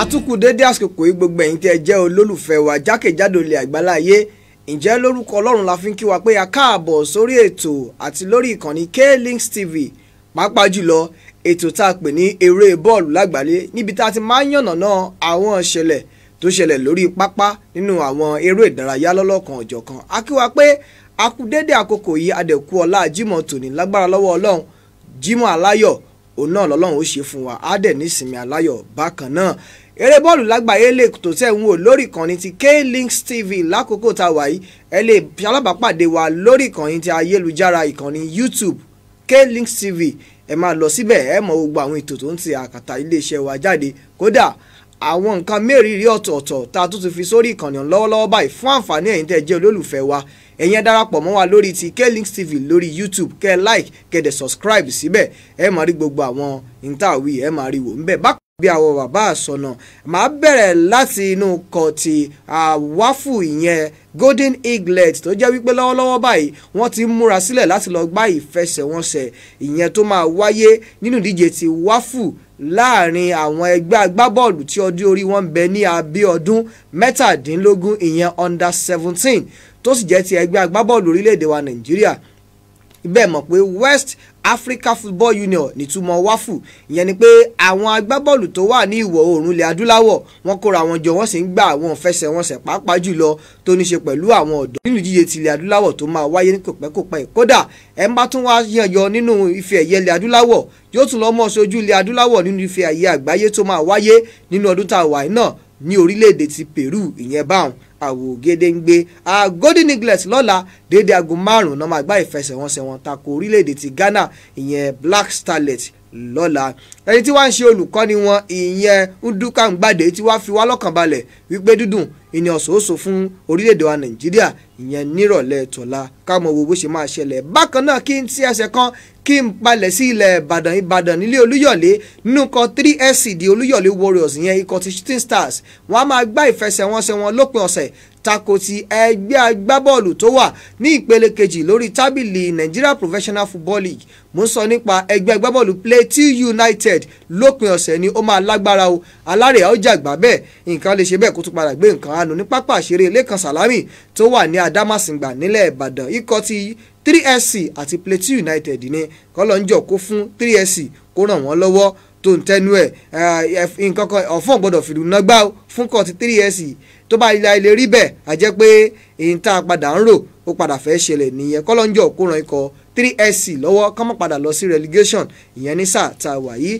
àtúkù dédé àsìkò yìí gbogbo ẹ̀yin tí ẹ jẹ́ olólùfẹ́ wa jákèjádò ilẹ̀ àgbálá ayé ǹjẹ́ lórúkọ ọlọ́run la fi ń kí wa pé a káàbọ̀ sórí ètò àti lórí ìkànnì K-Links TV pàápàá jùlọ ètò tá a pè ní eré bọ́ọ̀lù lágbàlẹ̀ níbi tá a ti máa ń yànnàná àwọn ìṣẹ̀lẹ̀ tó ṣẹlẹ̀ lórí pápá nínú àwọn eré ìdárayá lọ́lọ́kan ọ̀jọ̀kan a kí wa pé a kú dédé àkókò yìí adẹ̀kú ọlá Jímọ̀ tòní lágbára lọ́wọ́ ọlọ́run Jímọ̀ aláyọ̀ òun náà lọ́lọ́run ó ṣe fún wa á dẹ̀ nísinmi bákan náà eré bọ́ọ̀lù lágbàáyé lè tó tẹ̀ ń wò lórí ìkànnì ti Klinks TV lákòókò tá a wà yìí ẹ lè ṣalábàápàdé wa lórí ìkànnì ti ayélujára ìkànnì YouTube Klinks TV ẹ máa lọ síbẹ̀ ẹ mọ gbogbo àwọn ètò tó ń ti àkàtà iléeṣẹ́ wa jáde kódà àwọn nǹkan mẹ́rìírí ọ̀tọ̀ọ̀tọ̀ tá a tún ti fi sórí ìkànnì lọ́wọ́lọ́wọ́ báyìí fún àǹfààní ẹ̀yin tẹ́ jẹ́ olólùfẹ́ wa ẹ̀yin ẹ darapọ̀ mọ́ wa lórí ti Klinks TV lórí YouTube kẹ́ like kẹ́ dẹ̀ subscribe síbẹ̀ ẹ máa rí gbogbo àwọn ìntàwí ẹ máa rí wò ń bẹ̀ bí àwọn bàbá àsọnà màá bẹ̀rẹ̀ láti inú kan ti àwáfù ìyẹn golden eaglet tó jẹ́ wípé lọ́wọ́lọ́wọ́ báyìí wọ́n ti múra sílẹ̀ láti lọ gbá ìfẹsẹ̀wọnsẹ̀ ìyẹn tó máa wáyé nínú ìdíje ti wáfù láàrin àwọn ẹgbẹ́ agbábọ́ọ̀lù tí ọdún orí wọn ń bẹ ní abẹ́ ọdún mẹ́tàdínlógún ìyẹn under seventeen tó sì jẹ́ ti ẹgbẹ́ agbábọ́ọ̀lù orílẹ̀-èdè wa Nàìjíríà bẹ́ẹ̀ mọ̀ pé West Africa Football Union nìtumọ̀ wáfù ìyẹn ni pé àwọn agbábọ́ọ̀lù tó wà ní ìwọ̀ oòrùn ilẹ̀ adúláwọ̀ wọ́n kóra wọn jọ wọ́n sì ń gba àwọn ìfẹsẹ̀wọnsẹ̀ pàápàá jùlọ tó ní ṣe pẹ̀lú àwọn ọ̀dọ́ nínú jíje ti ilẹ̀ adúláwọ̀ tó máa wáyé ní kòpẹ́kòpẹ́ kódà ẹ̀ ń bá tún wá yànjọ nínú ife ẹ̀yẹ ilẹ̀ adúláwọ̀ yóò tún lọ́ mọ́ ṣojú ní orílẹ̀-èdè ti Peru ìyẹn báwọn àwògede ń gbé agodi niglet lọ́la déédé aago márùn-ún náà máa gbá ìfẹsẹ̀wọnsẹ̀ wọn tako orílẹ̀-èdè ti Ghana ìyẹn Black Starlet lọ́la ẹni tí wàá ń ṣe olùkọ́ni wọn ìyẹn Ndukwangbade tí wàá fi wá lọ́kàn balẹ̀ wípé dídùn ìní ọ̀sọ̀ọ̀sọ̀ fún orílẹ̀-èdè wa Nàìjíríà ìyẹn nírọ̀lẹ́ tọ̀la káàmọ̀ wo bó ṣe máa ṣẹlẹ̀ bákan náà kí n ti ẹsẹ̀ kan kí n palẹ̀ sí ilẹ̀ Ìbàdàn Ìbàdàn nílé Olúyọ̀lé nùkọ 3SC di Olúyọ̀lé Warriors ìyẹn ikọ̀ ti Shooting Stars wọ́n á máa gbá ìfẹsẹ̀wọnsẹ̀ wọn lópin ọ̀sẹ̀ tako ti ẹgbẹ́ agbábọ́ọ̀lù tó wà ní ìpele kejì lórí tábìlì Nigeria Professional Football League mo ń sọ nípa ẹgbẹ́ agbábọ́ọ̀lù Plateau United lópin ọ̀sẹ̀ ni ó máa lágbára o alárè ọjà gbà bẹ́ẹ̀ nǹkan lè ṣe bẹ́ẹ̀ kó tún padà gbé nǹkan àánú ní pápá àṣírí Lẹ́kan Sàlámì tó wà ní Adámàsìngbà nílẹ̀ Ìbàdàn ikọ̀ ti 3SC àti Plateau United ní kọ́lọ́njọ́ kó fún 3SC kó ràn wọ́n lọ́wọ́ tó ń tẹnu ẹ̀ nǹkan kan ọ̀fọ̀n gbọ́dọ̀ fìlú nágbà fún kọ́ọ̀tì three years tó bá ilé rí bẹ́ẹ̀ a jẹ́ pé èyí tá a padà ń rò ó padà fẹ́ ṣẹlẹ̀ nìyẹn kọ́lọ́njọ́ kó ikọ̀ 3SC lọ́wọ́ kọ́ mọ̀ padà lọ sí relegation ìyẹn ní sáà tá a wà yìí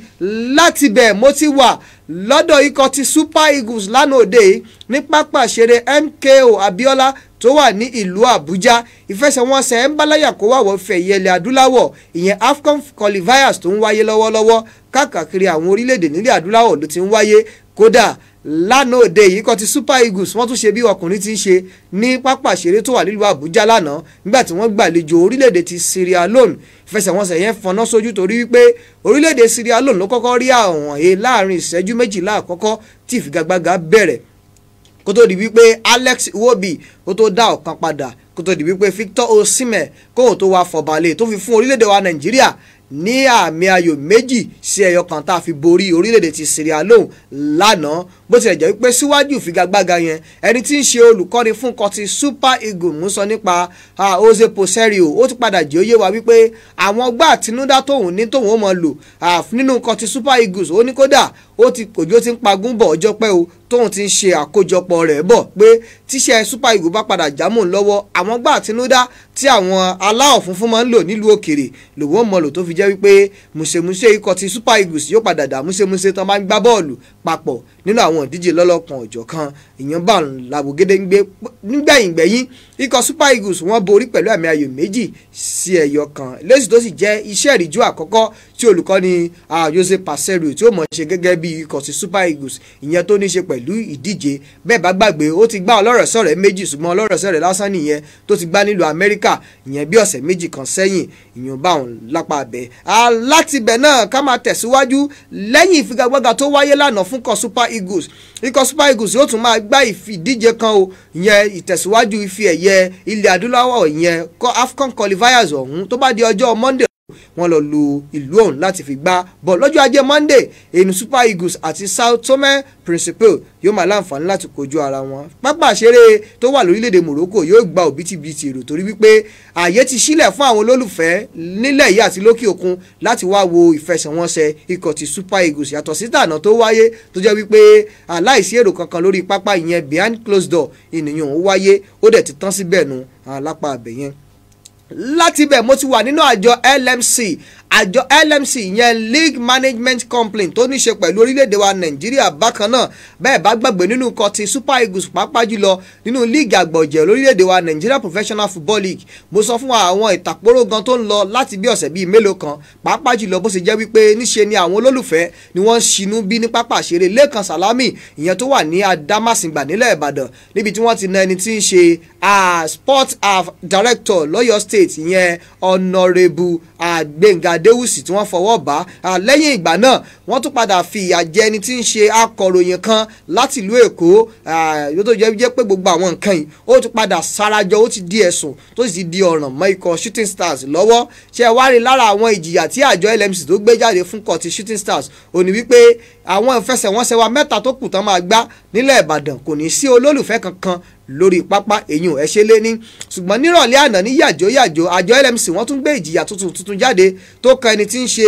láti bẹ̀ mo ti wà lọ́dọ̀ ikọ̀ ti Super Eagles lánàá òde yìí ní pápá ìṣeré MKO Abiola tó wà ní ìlú Àbújá ìfẹsẹ̀wọnsẹ̀ ń bá láyà kó wà wọ́n fẹ̀ yẹlẹ̀ adúláwọ̀ ìyẹn AFCON qualifiers tó ń wáyé lọ́wọ́lọ́wọ́ káàkiri àwọn orílẹ̀-èdè nílẹ̀ adúláwọ̀ ló ti ń wáyé kódà lánàá òde yìí kọ́ ti super eagles wọ́n tún ṣe bí ọkùnrin ti ń ṣe ní pápá ìṣeré tó wà nílùú àbújá lánàá nígbà tí wọ́n gbàlejò orílẹ̀-èdè ti sierra leone ìfẹsẹ̀wọnsẹ̀ yẹn fọná sójú torí wípé orílẹ̀-èdè sierra leone ló kọ́kọ́ rí àwọn èè láàrin ìṣẹ́jú méjìlá àkọ́kọ́ tí ìfigagbága bẹ̀rẹ̀ kó tó di wípé alex iwobi ó tó dá ọ̀kan padà kó tó di wípé victor osimhen kóhùn tó wà fọ̀bàlẹ̀ e tó fi fún orílẹ̀-èdè wa nàìjíríà ní àmì ayò méjì sí ẹyọ kan tá a fi borí orílẹ̀-èdè ti Sierra Leone lánàá bó tilẹ̀ jẹ́ wípé síwájú ìfigagbága yẹn ẹni tí ń ṣe olùkọ́ni fún kọtí Super Eagles mú sọ nípa Jose Poserio ó ti padà jẹ́ òye wa wípé àwọn ọgbà àtinúdá tóun ní tóun ó mọ lò nínú kọtí Super Eagles ó ní kódà ó ti òjò ti ń pagún bọ̀ ọjọ́ pẹ́ o tóun ti ń ṣe àkójọpọ̀ rẹ̀ bọ̀ pé tíṣẹ́ super eagles bá padà jámọ́ lọ́wọ́ àwọn gbà àtinúdá tí àwọn aláwọ̀ funfun máa ń lò nílùú òkèrè lòun mọ̀ lò tó fi jẹ́ wípé mùsèmùsè ikọ̀ ti super eagles yóò padà dà mùsèmùsè tán bá ń gbá bọ́ọ̀lù papọ̀ nínú àwọn ìdíje lọ́lọ́kan ọ̀jọ̀ kan ìyẹn bá ń làwò gédéńgbé nígbẹ̀yìngbẹ̀yìn ikọ̀ Super Eagles wọ́n borí pẹ̀lú àmì ayò méjì sí ẹ̀yọ kan lẹ́sìn tó sì jẹ́ iṣẹ́ ìríjú àkọ́kọ́ tí olùkọ́ni Jose Paseru tí ó mọ̀ ṣe gẹ́gẹ́ bí ikọ̀ sí Super Eagles ìyẹn tó ní ṣe pẹ̀lú ìdíje bẹ́ẹ̀ bá gbàgbé ó ti gbá ọlọ́rọ̀ sọ̀rẹ́ méjì ṣùgbọ́n ọlọ́rọ̀ sọ̀rẹ́ lásán nìyẹn tó ti gbá nílùú Amẹ́ríkà ìyẹn bí ọ̀sẹ̀ méjì kan sẹ́yìn ìyẹn bá òun lápá abẹ́ alátibẹ̀ náà ká máa tẹ̀síwájú lẹ́yìn ìfigagbága tó wáyé lánàá fún ikọ̀ Super Eagles ikọ̀ Super Eagles yóò tún máa gbá ìfìdíje kan o ìyẹn ìtẹ̀síwájú ife ẹ̀yẹ ilẹ̀ adúláwọ̀ ìyẹn AFCON qualifiers ọ̀hún tó bá di ọjọ́ Monday wọ́n lọ lu ìlú ọ̀hún láti fi gbá bọ̀ lọ́jọ́ ajé Monday èyí Super Eagles àti Sao Tome Principe yóò máa láǹfààní láti kojú ara wọn pápá àṣeré tó wà lórílẹ̀‐èdè Morocco yóò gba òbítíbitì èrò torí wípé ààyè ti sílẹ̀ fún àwọn olólùfẹ́ nílẹ̀ yìí àti lókè òkun láti wá wo ìfẹsẹ̀wọnsẹ̀ ikọ̀ ti Super Eagles yàtọ̀ sí tànà tó wáyé tó jẹ́ wípé aláìsí èrò kankan lórí pápá ìyẹn behind closed door ènìyàn ó wáyé ó dẹ̀ ti tán síbẹ̀ nu alápá àbẹ̀yẹn láti ibẹ̀ mo ti wà nínú àjọ LMC àjọ LMC yẹn League Management Complaint tó ní ṣe pẹ̀lú orílẹ̀-èdè wa Nàìjíríà bákan náà bẹ́ẹ̀ bá gbàgbé nínú nǹkan ti Super Eagles pàápàá jùlọ nínú líìgì àgbọ̀jẹ̀ lórílẹ̀-èdè wa Nigeria Professional Football League mo sọ fún wa àwọn ìtàkpóró gan tó ń lọ láti bí ọ̀sẹ̀ bíi mélòó kan pàápàá jùlọ bó ṣe jẹ́ wípé níṣe ni àwọn olólùfẹ́ ni wọ́n ṣinú bí ní pápá àṣeré Lẹ́kan Sàlámì ìyẹn tó wà director lọ́yọ̀ state ìyẹn Honourable Gbẹ̀ngà adéwùsì tí wọ́n fọwọ́ bá lẹ́yìn ìgbà náà wọ́n tún padà fi ìyà jẹ ẹni tí ń ṣe akọ̀ròyìn kan láti ìlú èkó yóò tó jẹ́ pé gbogbo àwọn nǹkan yìí ó ti padà sarajọ ó ti di ẹ̀sùn tó sì ti di ọ̀ràn mọ́ ikọ̀ shooting stars lọ́wọ́ ṣe wá rí lára àwọn ìjìyà tí àjọ LMC tó gbé jáde fún kọ̀ ti shooting stars ó ní wípé àwọn ìfẹsẹ̀wọnsẹ̀ wa mẹ́ta tó kù tán máa gbá nílẹ̀ ìbàdàn kò ní sí olólùfẹ́ kankan lórí pápá èyí ò ẹ ṣe lé ní ṣùgbọ́n nírọ̀lẹ́ àná ní yàjó yàjó àjọ LMC wọ́n tún gbé ìjìyà tuntun tuntun jáde tó kan ẹni tí ń ṣe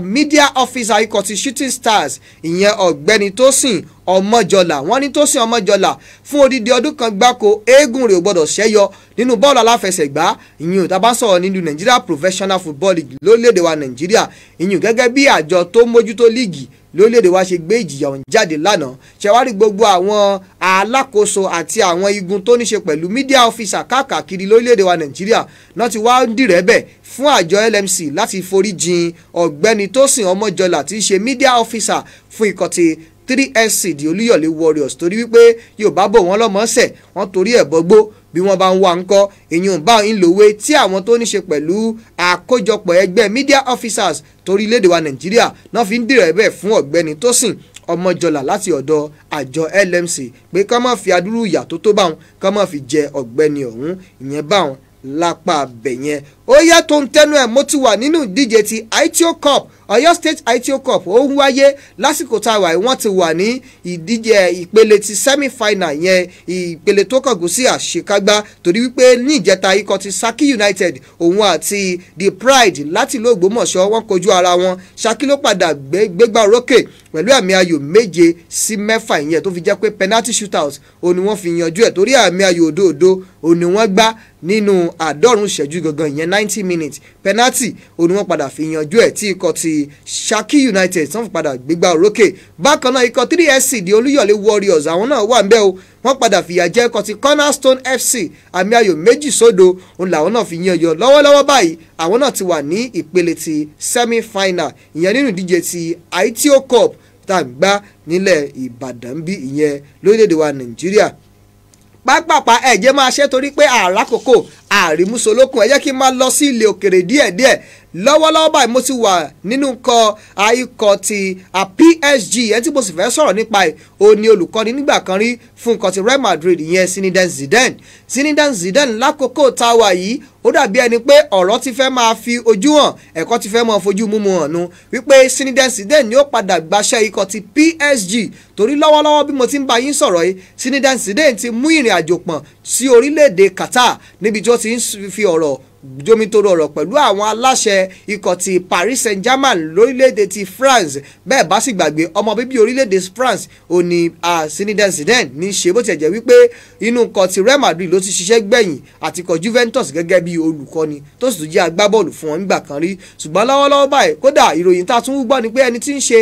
media officer ikọ̀ ti shooting stars ìyẹn ọ̀gbẹ́ni Tósìn ọmọjọlà wọ́n ní Tósìn ọmọjọlà fún odidi ọdún kan gbáko eégún rẹ̀ ò gbọ́dọ̀ ṣẹ́yọ nínú bọ́ọ̀lù aláfẹsẹ̀gbá ìyẹn òtá bá sọ̀rọ̀ nínú Nigeria Professional Football League lórílẹ̀‐èdè wa Nàìjíríà ìyẹn gẹ́gẹ́ bí àjọ tó mójútó líìgì lórílẹ̀‐èdè wa ṣe gbé ìjìyà ọ̀hún jáde lánàá ṣẹ̀wárí gbogbo àwọn alákòóso àti àwọn igun tó ní ṣe pẹ̀lú media officer káàkiri lórílẹ̀‐èdè wa nàìjíríà náà ti wá ń dìrẹ́bẹ̀ fún àjọ LMC láti forí jìn ọ̀gbẹ́ni Tósìn Ọmọjọlá tí í ṣe media officer fún ìkọ̀tì 3SC di Olúyọ̀lé Warriors torí wípé Yorùbá bò wọ́n lọ́mọ́ọ́sẹ̀ wọ́n torí ẹ̀ bọ́gbó bí wọ́n bá ń wá ńkọ́ èyàn bá ń lòwe tí àwọn tó ní ṣe pẹ̀lú àkójọpọ̀ ẹgbẹ́ media officers torílẹ̀-èdè wa nàìjíríà náà fi ń dìrẹ̀ bẹ́ẹ̀ fún ọ̀gbẹ́ni Tósìn ọmọjọlá láti ọ̀dọ̀ àjọ LMC pé ká má fi adúrú ìyà tó tó báwọn ká má fi jẹ ọ̀gbẹ́ni ọ̀hún ìyẹn báwọn lápá abẹ̀yẹn ó yá tó ń tẹnu ẹ̀ mo ti wà nínú ìdíje ti ITO Cup Ọ̀yọ́ State ITO Cup ó ń wáyé lásìkò tá a wà wọ́n ti wà ní ìdíje ìpele ti semi final yẹn ìpele tó kángun sí àṣekágbá torí wípé ní ìjẹta ikọ̀ ti Saki United òun àti the Pride láti ìlú Ògbómọ̀ṣọ́ wọ́n kojú ara wọn Saki ló padà gbégbá orókè pẹ̀lú àmì ayò méje sí mẹ́fà ìyẹn tó fi jẹ́ pé penalty shootout òun ni wọ́n fi yanjú ẹ̀ torí àmì ayò òdòdó òun ni wọ́n gbá nínú àádọ́rùn-ún ìṣẹ́jú gangan ìyẹn ninety minutes penalty òun ni wọ́n padà fi yanjú ẹ̀ tí ikọ̀ ti Ṣakí United tán fi padà gbégbá òrókè bákan náà ikọ̀ 3SC di Olúyọ̀lé Warriors àwọn náà wà ń bẹ̀ o wọ́n padà fìyà jẹ ikọ̀ ti Cornerstone FC àmì ayò méjì sódo òun làwọn náà fi yan yọ lọ́wọ́lọ́wọ́ báyìí àwọn náà ti wà ní ìpele ti semi final ìyẹn nínú ìdíje ti ITO Cup tá à ń gbá nílẹ̀ Ìbàdàn bí ìyẹn lórílẹ̀‐èdè wa Nàìjíríà pápápá ẹ̀jẹ̀ máa ṣe torí pé àràkókò àrímúsolókun ẹ jẹ́ kí n máa lọ sí ilé òkèrè díẹ̀díẹ̀ lọ́wọ́lọ́wọ́ báyìí mo ti wà nínú ikọ̀ ikọ̀ ti PSG ẹni tí mo sì fẹ́ sọ̀rọ̀ nípa ẹ̀ o ní olùkọ́ni nígbà kan rí fún ikọ̀ ti Real Madrid ìyẹn Zinedine Zidane Zinedine Zidane lákòókò tá a wà yìí ó dàbí ẹni pé ọ̀rọ̀ ti fẹ́ máa fi ojú hàn ẹ̀kọ́ ti fẹ́ máa fojú múmu hàn nu wípé Zinedine Zidane ni ó padà gbaṣẹ́ ikọ̀ ti PSG torí lọ́wọ́lọ́wọ́ bí mo ti ń bá yín sọ̀rọ̀ yìí Zinedine Zidane ti mú ìrìn àjò pọ̀n sí orílẹ̀-èdè Qatar níbi tí ó ti ń fi ọ̀rọ̀ jomitoro ọ̀rọ̀ pẹ̀lú àwọn aláṣẹ ikọ̀ ti Paris Saint-Germain lórílẹ̀‐èdè ti France bẹ́ẹ̀ bá sì gbàgbé ọmọ bíbí orílẹ̀‐èdè France òní Zinedine Zidane ní ṣe bó tiẹ̀ jẹ́ wípé inú ikọ̀ ti Real Madrid ló ti ṣiṣẹ́ gbẹ̀yìn àti ikọ̀ Juventus gẹ́gẹ́ bí olùkọ́ni tó sì tún jẹ́ agbábọ́ọ̀lù fún wọn nígbà kan rí ṣùgbọ́n lọ́wọ́lọ́wọ́ báyìí kódà ìròyìn tá a tún gbọ́ ni pé ẹni tí ń ṣe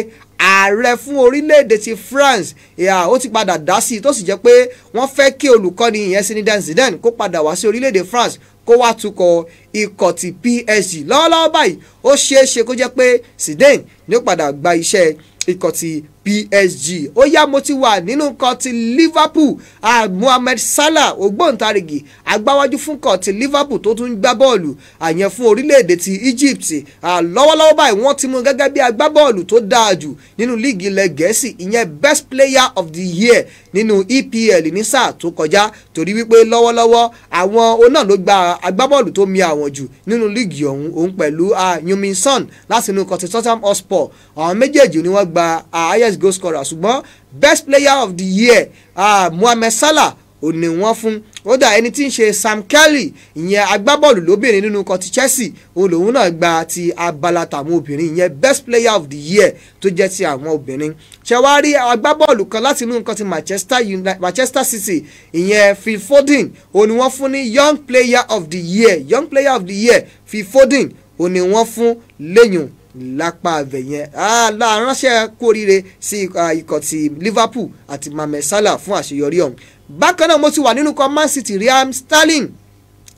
ààrẹ fún orílẹ̀-èdè ti France ìhà ó ti padà dá sí i tó sì jẹ́ pé wọ́n fẹ́ kí olùkọ́ni ìyẹn Zinedine Zidane kó padà wá sí orílẹ̀-èdè France kó wá tukọ̀ ikọ̀ ti PSG lọ́wọ́lọ́wọ́ báyìí ó ṣeé ṣe kó jẹ́ pé Zidane ní ó padà gba iṣẹ́ ikọ̀ ti PSG ó yá mo ti wà nínú nǹkan ti Liverpool ah, Mohamed Salah ògbóǹtarìgì agbáwájú fún nǹkan ti Liverpool tó tún gbá bọ́ọ̀lù àyẹn fún orílẹ̀-èdè ti Egypt ah, lọ́wọ́lọ́wọ́ báyìí wọ́n ti mú gẹ́gẹ́ bí agbábọ́ọ̀lù tó dáa jù nínú líìgì ilẹ̀ Gẹ̀ẹ́sì ìyẹn best player of the year nínú EPL ní sáà tó kọjá torí wípé lọ́wọ́lọ́wọ́ àwọn onáà ló gba agbábọ́ọ̀lù tó mi àwọn jù nínú líìgì ọ̀hún òun pẹ̀lú ah, Yumin Son láti inú kọ̀tì Tottenham Hotspur àwọn méjèèjì ni wọ́n gba ah, best goal scorer ṣùgbọ́n best player of the year uh, ah, Mohammed Salah ò ní wọ́n fún kódà ẹni tí ń ṣe Sam Kelly ìyẹn agbábọ́ọ̀lù lóbìnrin nínú ikọ̀ ti Chelsea òun lòun náà gba ti abala tàwọn obìnrin ìyẹn best player of the year tó jẹ́ ti àwọn obìnrin ṣẹ̀wárí agbábọ́ọ̀lù kan láti inú nǹkan ti Manchester, United, Manchester City ìyẹn Phil Foden òun ni wọ́n fún ní young player of the year young player of the year Phil Foden òun ni wọ́n fún lẹ́yìn lápá abẹ yẹn aláàránṣẹ́ kórìíre sí ikọ̀ ti Liverpool àti Mohamed Salah fún àṣeyọrí ọ̀hún bákan náà mo ti wà nínú kan Man City Raheem Sterling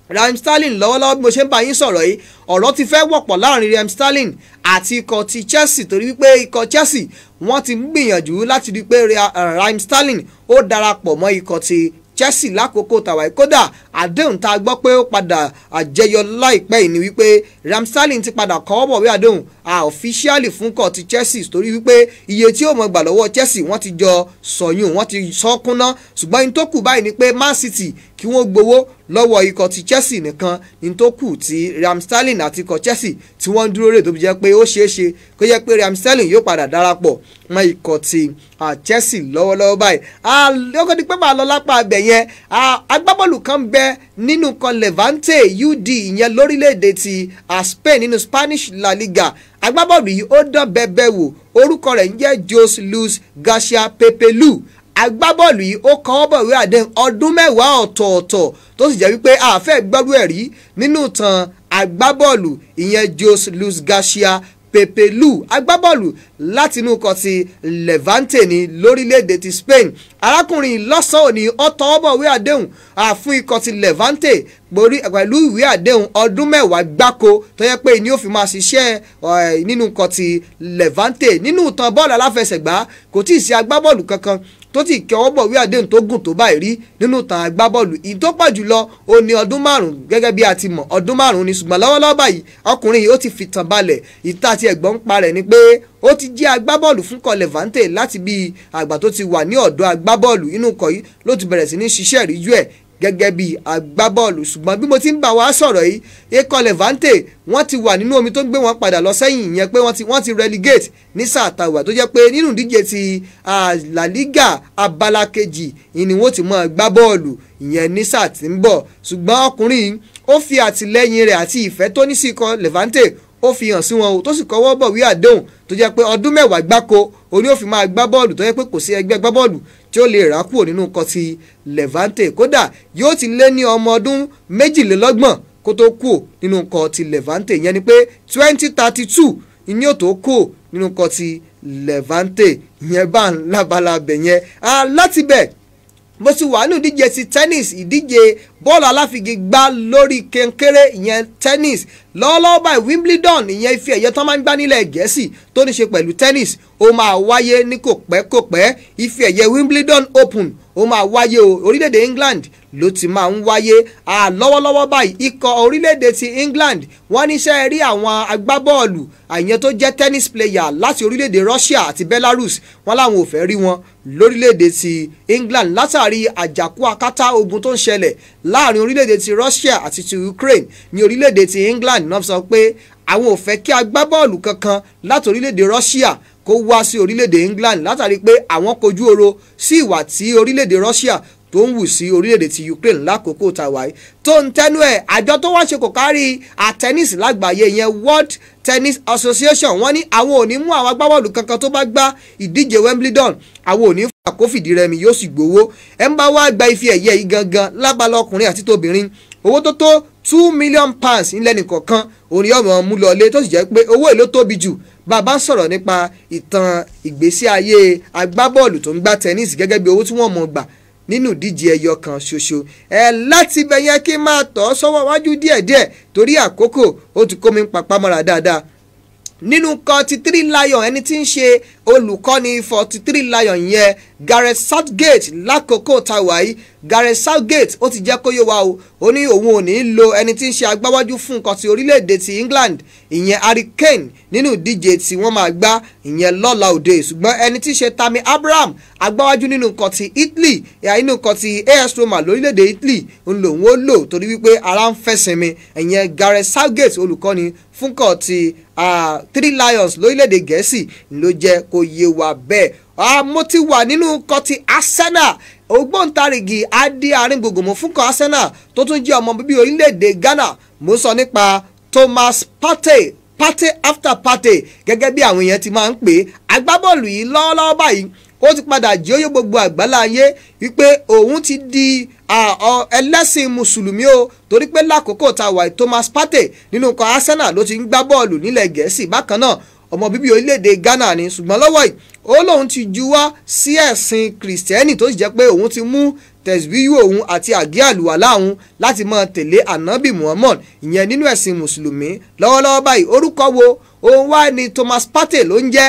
Raheem Sterling lọ́wọ́lọ́wọ́ bí mo ṣe ń bá yín sọ̀rọ̀ yìí ọ̀rọ̀ ti fẹ́ wọ̀pọ̀ láàrin Raheem Sterling àti ikọ̀ ti Chelsea torí wípé ikọ̀ Chelsea wọ́n ti ń gbìyànjú láti rí i pé Raheem Sterling ó darapọ̀ mọ́ ikọ̀ ti Chelsea lákòókò tàwáì kódà àdéhùn tá a gbọ́ pé ó padà àjẹyọ láìpẹ́ yìí ni wípé Ramsdale ti padà kọ́ bọ̀wé àdéhùn a fún kọ́ ti Chelsea torí wípé iye tí ó mọ̀ gbà lọ́wọ́ Chelsea wọ́n ti jọ sọ̀yún wọ́n ti sọ́kúnná ṣùgbọ́n in tó kù báyìí ni pé Man City kí wọ́n gbowó lọ́wọ́ ikọ̀ ti Chelsea nìkan ní tó kù ti Ramsdale àti ikọ̀ Chelsea tí wọ́n ń dúró rè tó fi jẹ́ pé ó ṣeé ṣe kó jẹ́ pé Ramsdale yóò padà darapọ̀ mọ́ ikọ̀ ti Chelsea lọ́wọ́lọ́wọ́ báyìí àlọ́kọ́ ni pé màá lọ lápá abẹ yẹn agbábọ́ọ̀lù kan bẹ nínú kan Levante UD ìyẹn lórílẹ̀‐èdè ti Spain nínú Spanish La Liga agbábọ́ọ̀lù yìí ó dán bẹ́ẹ̀ bẹ́ẹ̀ wò orúkọ rẹ̀ ń jẹ́ Jose Luis Garcia Pepelu agbábọ́ọ̀lù yìí ó kan ọ́bọ̀wé àdéhùn ọdún mẹ́wàá ọ̀tọ̀ọ̀tọ̀ tó sì jẹ́ wípé àfẹ́ gbọ́rú ẹ̀ rí nínú ìtàn agbábọ́ọ̀lù ìyẹn Jose Luis Garcia Pepelu agbábọ́ọ̀lù látinú ikọ̀ ti Levante ní lórílẹ̀‐èdè ti Spain arákùnrin lọ́sàn-án òní ó tọwọ́ bọ̀wé àdéhùn àfún ikọ̀ ti Levante pẹ̀lú ìwé àdéhùn ọdún mẹ́wàá gbáko tó yẹ pé ni ó fi máa ṣiṣẹ́ nínú ikọ̀ ti Levante nínú ìtàn bọ́ọ̀lù aláfẹsẹ̀gbá kò tí ì sí agbábọ́ọ̀lù kankan tó ti kẹwọ́ bọ̀ wí àdéhùn tó gùn tó báyìí rí nínú ìtàn agbábọ́ọ̀lù ìtọ́pọ̀ jùlọ ó ní ọdún márùn gẹ́gẹ́ bí a ti mọ̀ ọdún márùn ni ṣùgbọ́n lọ́wọ́lọ́wọ́ báyìí ọkùnrin yìí ó ti fìtàn balẹ̀ ìta ti ẹ̀gbọ́n ń parẹ̀ ni pé ó ti jẹ́ agbábọ́ọ̀lù fún ikọ̀ Levante láti bí àgbà tó ti wà ní ọ̀dọ́ agbábọ́ọ̀lù inú ikọ̀ yìí ló ti bẹ̀rẹ̀ sí ní ṣiṣẹ́ ìríjú ẹ̀ gẹ́gẹ́ bí agbábọ́ọ̀lù ṣùgbọ́n bí mo ti ń bá wa sọ̀rọ̀ yìí ekọ́ levante wọ́n ti wà nínú omi tó gbé wọn padà lọ sẹ́yìn ìyẹn pé wọ́n ti wọ́n ti relegate ní sáà tàwà tó jẹ́ pé nínú ìdíje ti La Liga abala kejì ni wọ́n ti máa gbá bọ́ọ̀lù ìyẹn ní sáà tí ń bọ̀ ṣùgbọ́n ọkùnrin ó fi àtìlẹ́yìn rẹ̀ àti ìfẹ́ tó ní sí ikọ̀ levante ó fi hàn sí wọn o tó sì kọ́wọ́ bọ̀ wí àdéhùn tó jẹ́ pé ọdún mẹ́wàá gbáko orí ó fi máa gbá bọ́ọ̀lù tó jẹ́ pé kò sí ẹgbẹ́ gbá bọ́ọ̀lù tí ó lè rà kúrò nínú kọtì Levante kódà yóò ti lé ní ọmọ ọdún méjìlélọ́gbọ̀n kó tó kúrò nínú kọtì Levante ìyẹn ni pé twenty thirty two ni yóò tó kúrò nínú kọtì Levante ìyẹn bá ń lábalábẹ̀ yẹn alátibẹ̀ mo ti wà nínú ìdíje ti tennis ìdíje bọ́ọ̀lù aláfigigbá lórí kékeré ìyẹn tennis lọ́wọ́lọ́wọ́ báyìí Wimbledon ìyẹn ife ẹ̀yẹ tó máa ń gbá nílẹ̀ Gẹ̀ẹ́sì tó ní ṣe pẹ̀lú tennis ó máa wáyé ní kò pẹ́ kò pẹ́ ife ẹ̀yẹ Wimbledon Open ó máa wáyé o orílẹ̀-èdè England ló ti máa ń wáyé àlọ́wọ́lọ́wọ́ báyìí ikọ̀ orílẹ̀-èdè ti England wọ́n níṣẹ́ rí àwọn agbábọ́ọ̀lù àyẹn tó jẹ́ tennis player láti orílẹ̀-èdè Russia àti Belarus wọ́n láwọn ò fẹ́ rí wọn lórílẹ̀-èdè ti England látàrí àjàkú akátá ogun tó ń ṣẹlẹ̀ láàrin orílẹ̀-èdè ti Russia àti ti Ukraine ní orílẹ̀-èdè ti England náà sọ pé àwọn ò fẹ́ kí agbábọ́ọ̀lù kankan láti orílẹ̀-èdè Russia kó wá sí orílẹ̀-èdè England látàrí pé àwọn kojú oro sí ìwà tí orílẹ̀-èdè Russia tó ń wù sí orílẹ̀-èdè ti Ukraine lákòókò tàwáì tó ń tẹnu ẹ̀ àjọ tó wá ṣe kò kárí àtẹnísì lágbàáyé yẹn World Tennis Association wọ́n ní àwọn ò ní mú àwọn agbábọ́ọ̀lù kankan tó bá gbá ìdíje Wimbledon àwọn ò ní kó fìdí rẹmi yóò sì gbowó ẹ ń bá wá gba ife ẹ̀yẹ yìí gangan lábala ọkùnrin àti tóbìnrin owó tó tó two million pounds ńlẹ́ nìkọ̀ọ̀kan òun ni ọmọ mú lọlé tó sì jẹ́ pé owó èlò tóbi jù bàbá ń sọ̀rọ̀ nípa ìtàn ìgbésí ayé agbábọ́ọ̀lù tó ń gbá tẹ́nísì gẹ́gẹ́ bí owó tí wọ́n mọ̀ gbà nínú ìdíje ẹyọ kan ṣoṣo ẹ láti bẹ̀yẹn kí máa tọ́ sọ́wọ́ wájú díẹ̀díẹ̀ torí àkókò ó ti kó mi dáadáa nínú kan three lion ẹni tí ń ṣe olùkọ́ni forty three lion yẹn Gareth Southgate lákòókò tàwa yìí Gareth Southgate ó ti jẹ́ kó yé wa o ó ní òun ò ní lo ẹni tí ń ṣe agbáwájú fún nǹkan ti orílẹ̀-èdè ti England ìyẹn Harry Kane nínú ìdíje tí wọ́n máa gbá ìyẹn lọ́la òde ṣùgbọ́n ẹni tí ń ṣe Tammy Abraham agbáwájú nínú nǹkan ti Italy nínú nǹkan ti AS Roma lórílẹ̀-èdè Italy ń lòun ó lò torí wípé ara ń fẹ́ sinmi ìyẹn Gareth Southgate olùkọ́ni fúnkọ̀ ti Three Lions lórílẹ̀‐èdè gẹ̀ẹ́sì ló jẹ́ kó yé wa bẹ́ẹ̀ mo ti wà nínú kọ́ ti Arsenal ògbóǹtarìgì adé aríngbògbòmù fúnkọ̀ Arsenal tó tún jẹ́ ọmọ bíbí orílẹ̀‐èdè Ghana mo sọ nípa Thomas Partey Partey after Partey gẹ́gẹ́ bí àwọn èèyàn ti máa ń pè é agbábọ́ọ̀lù yìí lọ́wọ́lọ́wọ́ báyìí ó ti padà jí ó yé gbogbo àgbáláyé wípé òun ti di ẹlẹ́sìn mùsùlùmí o torí pé lákòókò tá a wà Thomas Partey nínú ikọ̀ Arsenal ló ti ń gbá bọ́ọ̀lù nílẹ̀ gẹ̀ẹ́sì bákan náà ọmọ bíbí orílẹ̀-èdè Ghana ni ṣùgbọ́n lọ́wọ́ yìí ó lóun ti juwá sí ẹ̀sìn kìrìsìtẹ́nì tó sì jẹ́ pé òun ti mú tẹ̀síwíyù òun àti àgé àlùwà láhùn láti máa tẹ̀lé ànábì Muhammad ìyẹn nínú ẹ̀sìn mùsùlùmí lọ́wọ́lọ́wọ́ báyìí orúkọ wo òun wá ní Thomas Partey ló ń jẹ́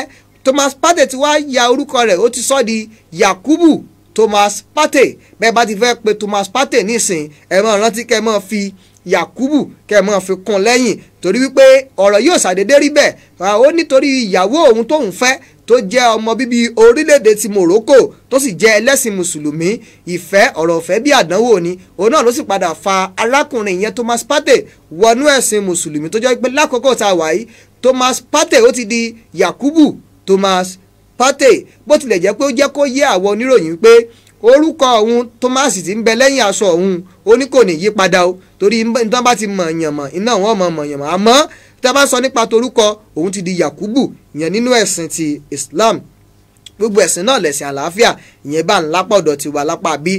Thomas Pate ti wá ya orúkọ rẹ̀ ó ti sọ di Yakubu Thomas Pate bẹ́ẹ̀ bá ti fẹ́ pe Thomas Pate nísìn ẹ máa rántí kẹ́ ẹ máa fi Yakubu kẹ́ ẹ máa fi kún lẹ́yìn torí wípé ọ̀rọ̀ yóò ṣàdédé rí bẹ́ẹ̀ ó nítorí ìyàwó òun tóun fẹ́ tó jẹ́ ọmọ bíbí orílẹ̀-èdè ti Morocco tó sì jẹ́ ẹlẹ́sìn mùsùlùmí ìfẹ́ ọ̀rọ̀ ọ̀fẹ́ bí àdánwò ni òun náà ló sì padà fa arákùnrin ìyẹn Thomas Pate wọnú ẹ̀sìn mùsùlùmí tó jẹ́ pé lákòókò tá a Thomas Pate ó ti di Yakubu Thomas Partey bó tilẹ̀ jẹ́ pé ó jẹ́ kó yé àwọn oníròyìn pé orúkọ ọ̀hún Thomas ti ń bẹ lẹ́yìn aṣọ ọ̀hún ó ní kò ní yí padà o torí nítorí bá ti mọ̀yànmọ̀ iná wọn mọ̀ mọ̀yànmọ̀ àmọ́ tá a bá sọ nípa torúkọ òun ti di Yakubu yẹn nínú ẹ̀sìn ti Islam gbogbo ẹ̀sìn náà lẹ̀sìn àlàáfíà ìyẹn bá ń lápá ti wà lápá bí.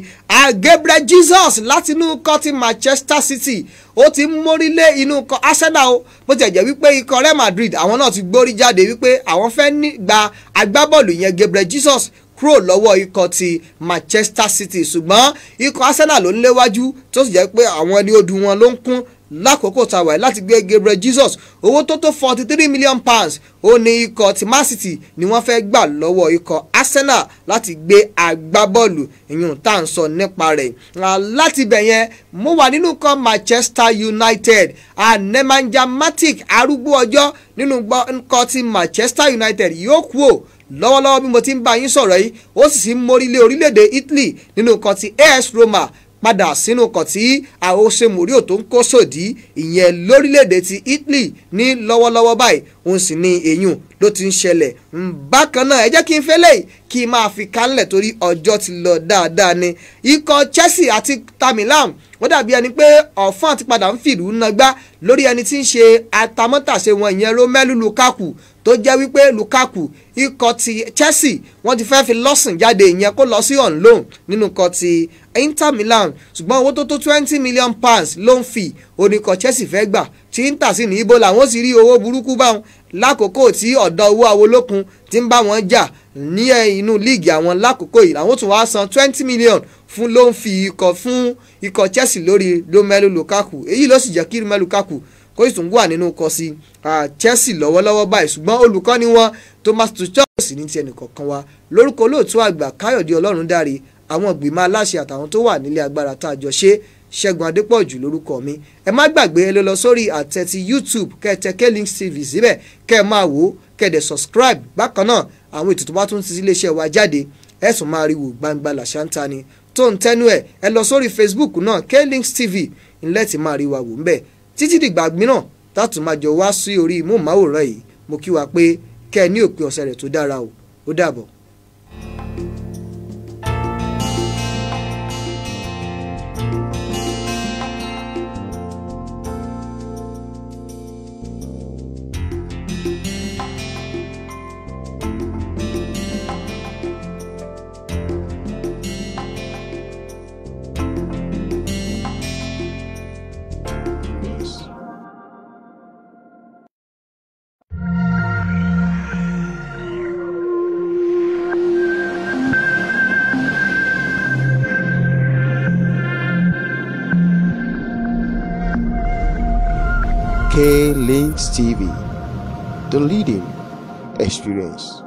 Gabriel Jesus látinú kọ́tí Manchester City ó ti ń mórí lé inú ikọ̀ Arsenal o bó ti jẹ́ wípé ikọ̀ Real Madrid àwọn náà ti gbórí jáde wípé àwọn fẹ́ gba agbábọ́ọ̀lù yẹn Gabriel Jesus kúrò lọ́wọ́ ikọ̀ ti Manchester City ṣùgbọ́n ikọ̀ Arsenal ló ń léwájú tó sì jẹ́ pé àwọn ẹni odù wọn ló ń kún lákòókò tá a wà láti gbé Gabriel Jesus owó tó tó forty three million pounds ó ní ikọ̀ ti ni wọ́n fẹ́ gbà lọ́wọ́ ikọ̀ Arsenal láti gbé agbábọ́ọ̀lù ìyún tá à ń sọ nípa rẹ̀ láti ibẹ̀ yẹn mo wà nínú ikọ̀ Manchester United anemanja matic arúgbó ọjọ́ nínú ikọ̀ ti Manchester United yóò kú o lọ́wọ́lọ́wọ́ bí mo ti ń bá yín sọ̀rọ̀ yìí ó sì sì ń orílẹ̀-èdè Italy nínú ikọ̀ ti AS Roma padà sínú ọkọ̀ tí àwòṣe mòríò tó ń kó sòdí ìyẹn lórílẹ̀‐èdè ti Italy ní lọ́wọ́lọ́wọ́ báyìí òun sì ni èyún ló ti ń ṣẹlẹ̀ bákan náà ẹ jẹ́ kí n fẹ́ lẹ́yìn kí máa fi kálẹ̀ torí ọjọ́ ti lọ dáadáa ni ikọ̀ Chelsea àti Tamilam wọ́n dàbí ẹni pé ọ̀fọ́n ti padà ń fìlú nagbá lórí ẹni tí ń ṣe atamọ́tàṣe wọn ìyẹn Romelu Lukaku tó jẹ́ wípé Lukaku ikọ̀ ti Chelsea wọ́n ti fẹ́ fi lọ́sìn jáde ìyẹn kó lọ sí on loan nínú ikọ̀ ti Inter Milan ṣùgbọ́n owó tó tó twenty million pounds ló ń fi oníkọ̀ Chelsea fẹ́ gbà tí ń tà sí ní ibo làwọn sì rí owó burúkú báwọn lákòókò tí ọ̀dọ́ owó awolókun ti ń bá wọn jà ní eh, inú líìgì àwọn lákòókò yìí làwọn tún wáá san twenty million fún ló ń fi ikọ̀ fún ikọ̀ Chelsea lórí Romelu Lukaku èyí ló sì jẹ́ kí Romelu Lukaku kó sì tún wà nínú kọ́sí Chelsea lọ́wọ́lọ́wọ́ báyìí ṣùgbọ́n olùkọ́ ni wọ́n Thomas Tuchel sì ní ti ẹnìkọ̀ọ̀kan wa lórúkọ olóòtú àgbà Káyọ̀dé Ọlọ́run dáre àwọn ìgbìmọ̀ aláṣẹ àtàwọn tó wà nílé agbára tá a jọ ṣe ṣẹ́gun adépọ̀jù lórúkọ mi ẹ má gbàgbé ẹ lè lọ sórí àtẹ ti youtube kẹtẹ klinks tv síbẹ̀ kẹ ẹ máa wò ó kẹdẹ subscribe bákan náà àwọn ètò tó bá tún ti iléeṣẹ́ wa jáde ẹ sùn máa rí wò gbangba làṣántá ni tó ń tẹnu ẹ ẹ lọ sórí facebook náà klinks tv ńlẹ́ ti máa rí wa wò ń bẹ̀ títí dìgbà mìíràn tátùn máa jọ wá sí orí ìmúhùnmáwòrán yìí mo kí wa pé kẹ́ ẹ ní òpin ọ̀sẹ̀ rẹ̀ tó dára o ó dàbọ̀. Stevie, the leading experience.